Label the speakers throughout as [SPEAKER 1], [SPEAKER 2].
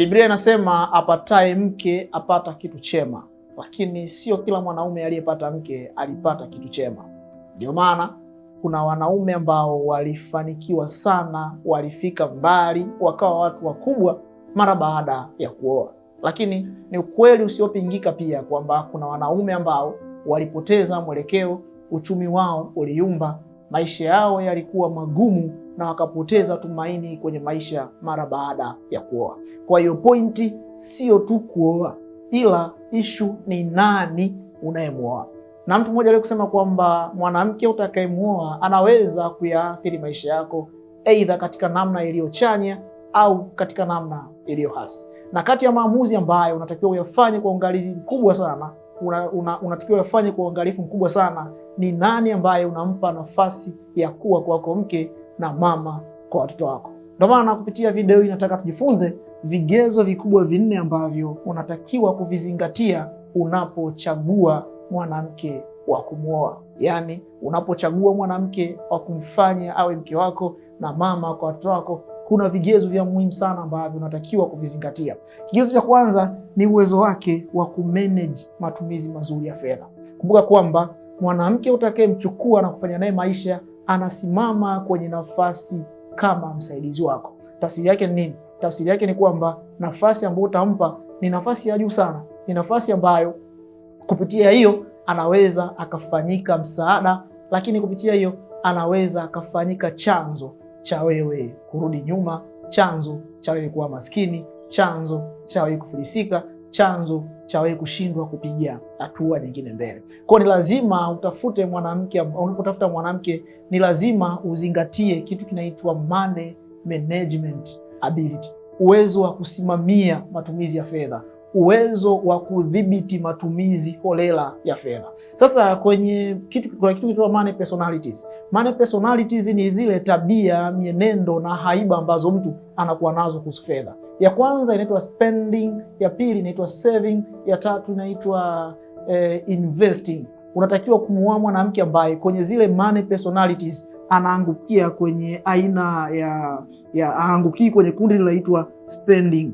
[SPEAKER 1] Biblia inasema apataye mke apata kitu chema, lakini sio kila mwanaume aliyepata mke alipata kitu chema. Ndio maana kuna wanaume ambao walifanikiwa sana, walifika mbali, wakawa watu wakubwa mara baada ya kuoa. Lakini ni ukweli usiopingika pia kwamba kuna wanaume ambao walipoteza mwelekeo, uchumi wao uliyumba maisha yao yalikuwa magumu na wakapoteza tumaini kwenye maisha mara baada ya kuoa. Kwa hiyo pointi sio tu kuoa, ila ishu ni nani unayemwoa. Na mtu mmoja alio kusema kwamba mwanamke utakayemwoa anaweza kuyaathiri maisha yako aidha katika namna iliyochanya au katika namna iliyo hasi, na kati ya maamuzi ambayo unatakiwa uyafanye kwa uangalizi mkubwa sana unatakiwa una, una yafanye kwa uangalifu mkubwa sana. Ni nani ambaye unampa nafasi ya kuwa kwako mke na mama kwa watoto wako? Ndio maana kupitia video hii nataka tujifunze vigezo vikubwa vinne ambavyo unatakiwa kuvizingatia unapochagua mwanamke wa kumwoa, yaani unapochagua mwanamke wa kumfanya awe mke wako na mama kwa watoto wako kuna vigezo vya muhimu sana ambavyo unatakiwa kuvizingatia. Kigezo cha kwanza ni uwezo wake wa kumanage matumizi mazuri ya fedha. Kumbuka kwamba mwanamke utakayemchukua na kufanya naye maisha anasimama kwenye nafasi kama msaidizi wako. Tafsiri yake ni nini? Tafsiri yake ni kwamba nafasi ambayo utampa ni nafasi ya juu sana, ni nafasi ambayo kupitia hiyo anaweza akafanyika msaada, lakini kupitia hiyo anaweza akafanyika chanzo cha wewe kurudi nyuma, chanzo cha wewe kuwa maskini, chanzo cha wewe kufilisika, chanzo cha wewe kushindwa kupiga hatua nyingine mbele. Kwa ni lazima utafute mwanamke, unapotafuta mwanamke ni lazima uzingatie kitu kinaitwa money management ability, uwezo wa kusimamia matumizi ya fedha uwezo wa kudhibiti matumizi holela ya fedha. Sasa kwenye kitu, kuna kitu kinaitwa money personalities. Money personalities ni zile tabia, mienendo na haiba ambazo mtu anakuwa nazo kuhusu fedha. Ya kwanza inaitwa spending, ya pili inaitwa saving, ya tatu inaitwa eh, investing. Unatakiwa kumuoa mwanamke ambaye kwenye zile money personalities anaangukia kwenye aina ya, ya aangukii kwenye kundi linaloitwa spending.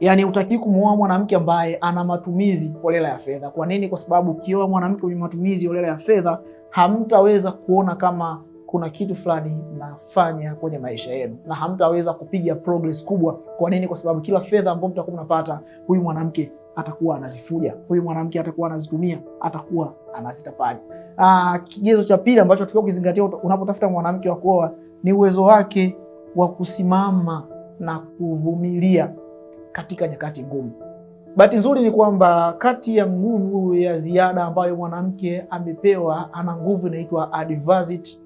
[SPEAKER 1] Yaani utaki kumuoa mwanamke ambaye ana matumizi holela ya fedha. Kwa nini? Kwa sababu ukioa mwanamke mwenye matumizi holela ya fedha, hamtaweza kuona kama kuna kitu fulani mnafanya kwenye maisha yenu na hamtaweza kupiga progress kubwa. Kwa nini? Kwa sababu kila fedha ambayo mtakuwa mnapata, huyu mwanamke atakuwa anazifuja, huyu mwanamke atakuwa anazitumia, atakuwa anazitapaja. Ah, kigezo cha pili ambacho tunatakiwa kuzingatia unapotafuta mwanamke wa kuoa ni uwezo wake wa kusimama na kuvumilia katika nyakati ngumu. Bahati nzuri ni kwamba kati ya nguvu ya ziada ambayo mwanamke amepewa, ana nguvu inaitwa adversity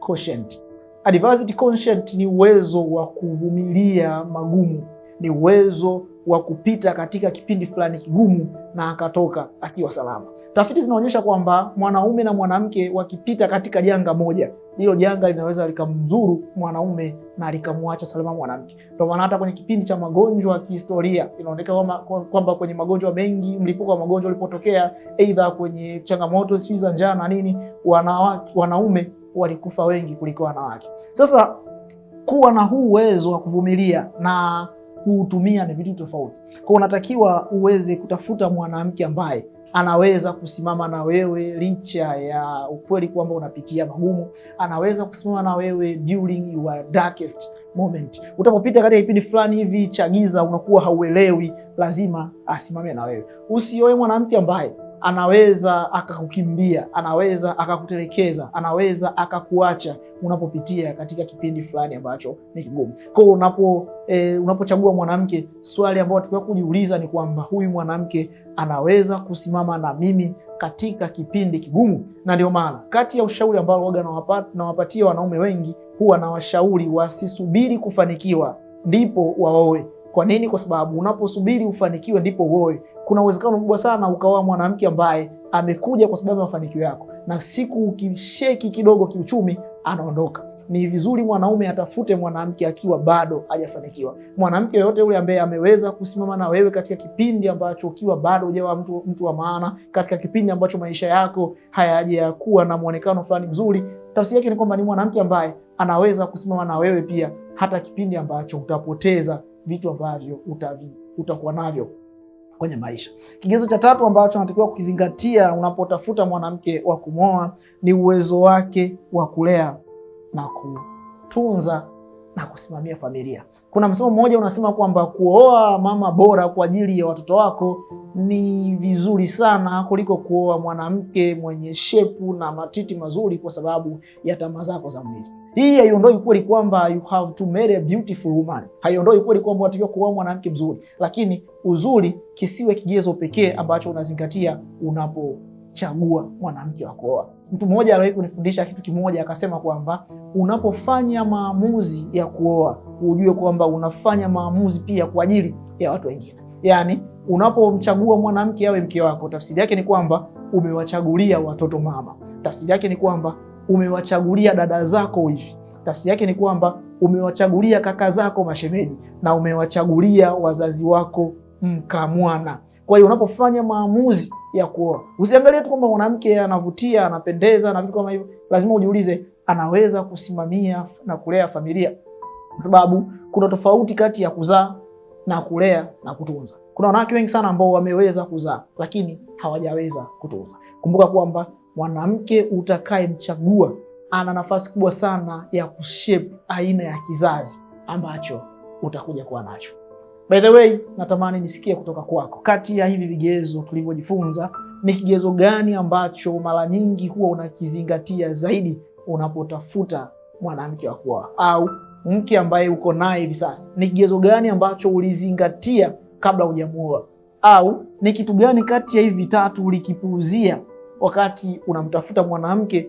[SPEAKER 1] quotient. Adversity quotient ni uwezo wa kuvumilia magumu, ni uwezo wa kupita katika kipindi fulani kigumu na akatoka akiwa salama. Tafiti zinaonyesha kwamba mwanaume na mwanamke wakipita katika janga moja, hilo janga linaweza likamdhuru mwanaume na likamwacha salama mwanamke. Ndio maana hata kwenye kipindi cha magonjwa kihistoria inaonekana kwamba kwenye magonjwa mengi, mlipuko wa magonjwa ulipotokea, aidha kwenye changamoto sijui za njaa na nini, wanawake, wanaume walikufa wengi kuliko wanawake. Sasa kuwa na huu uwezo wa kuvumilia na kuutumia ni vitu tofauti. Kwa unatakiwa uweze kutafuta mwanamke ambaye anaweza kusimama na wewe licha ya ukweli kwamba unapitia magumu, anaweza kusimama na wewe during your darkest moment. Utapopita katika kipindi fulani hivi cha giza, unakuwa hauelewi, lazima asimame na wewe. Usioe mwanamke ambaye anaweza akakukimbia, anaweza akakutelekeza, anaweza akakuacha unapopitia katika kipindi fulani ambacho ni kigumu. Kwa hiyo unapo e, unapochagua mwanamke, swali ambalo tukao kujiuliza ni kwamba huyu mwanamke anaweza kusimama na mimi katika kipindi kigumu. Na ndio maana kati ya ushauri ambao waga nawapatia wanaume wengi, huwa na washauri wasisubiri kufanikiwa ndipo waoe kwa nini? Kwa sababu unaposubiri ufanikiwe ndipo uoe, kuna uwezekano mkubwa sana ukaoa mwanamke ambaye amekuja kwa sababu ya mafanikio yako, na siku ukisheki kidogo kiuchumi, anaondoka. Ni vizuri mwanaume atafute mwanamke akiwa bado hajafanikiwa. Mwanamke yoyote yule ambaye ameweza kusimama na wewe katika kipindi ambacho ukiwa bado hujawa mtu, mtu wa maana, katika kipindi ambacho maisha yako hayajakuwa na mwonekano fulani mzuri, tafsiri yake ni kwamba ni mwanamke ambaye anaweza kusimama na wewe pia hata kipindi ambacho utapoteza vitu ambavyo utavi, utakuwa navyo kwenye maisha. Kigezo cha tatu ambacho unatakiwa kukizingatia unapotafuta mwanamke wa kumwoa ni uwezo wake wa kulea na kutunza na kusimamia familia. Kuna msemo mmoja unasema kwamba kuoa mama bora kwa ajili ya watoto wako ni vizuri sana kuliko kuoa mwanamke mwenye shepu na matiti mazuri kwa sababu ya tamaa zako za mwili. Hii haiondoi ukweli kwamba you have to marry a beautiful woman, haiondoi ukweli kwamba unatakiwa kuoa mwanamke mzuri, lakini uzuri kisiwe kigezo pekee ambacho unazingatia unapochagua mwanamke wa kuoa. Mtu mmoja aliwahi kunifundisha kitu kimoja, akasema kwamba unapofanya maamuzi ya kuoa, ujue kwamba unafanya maamuzi pia kwa ajili ya watu wengine. Yaani, unapomchagua mwanamke awe mke wako, tafsiri yake ni kwamba umewachagulia watoto mama. Tafsiri yake ni kwamba umewachagulia dada zako wifi. Tafsiri yake ni kwamba umewachagulia kaka zako mashemeji, na umewachagulia wazazi wako mkamwana. Kwa hiyo unapofanya maamuzi ya kuoa, usiangalie tu kwamba mwanamke anavutia, anapendeza na vitu kama hivyo. Lazima ujiulize, anaweza kusimamia na kulea familia? Sababu kuna tofauti kati ya kuzaa na kulea na kutunza. Kuna wanawake wengi sana ambao wameweza kuzaa lakini hawajaweza kutunza. Kumbuka kwamba mwanamke utakayemchagua ana nafasi kubwa sana ya kushape aina ya kizazi ambacho utakuja kuwa nacho. By the way, natamani nisikie kutoka kwako, kati ya hivi vigezo tulivyojifunza, ni kigezo gani ambacho mara nyingi huwa unakizingatia zaidi unapotafuta mwanamke wa kuoa au mke ambaye uko naye hivi sasa? Ni kigezo gani ambacho ulizingatia kabla hujamuoa, au ni kitu gani kati ya hivi vitatu ulikipuuzia wakati unamtafuta mwanamke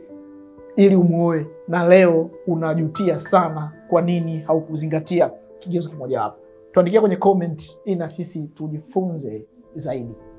[SPEAKER 1] ili umwoe, na leo unajutia sana kwa nini haukuzingatia kigezo kimoja hapo. Tuandikia kwenye comment ili na sisi tujifunze zaidi.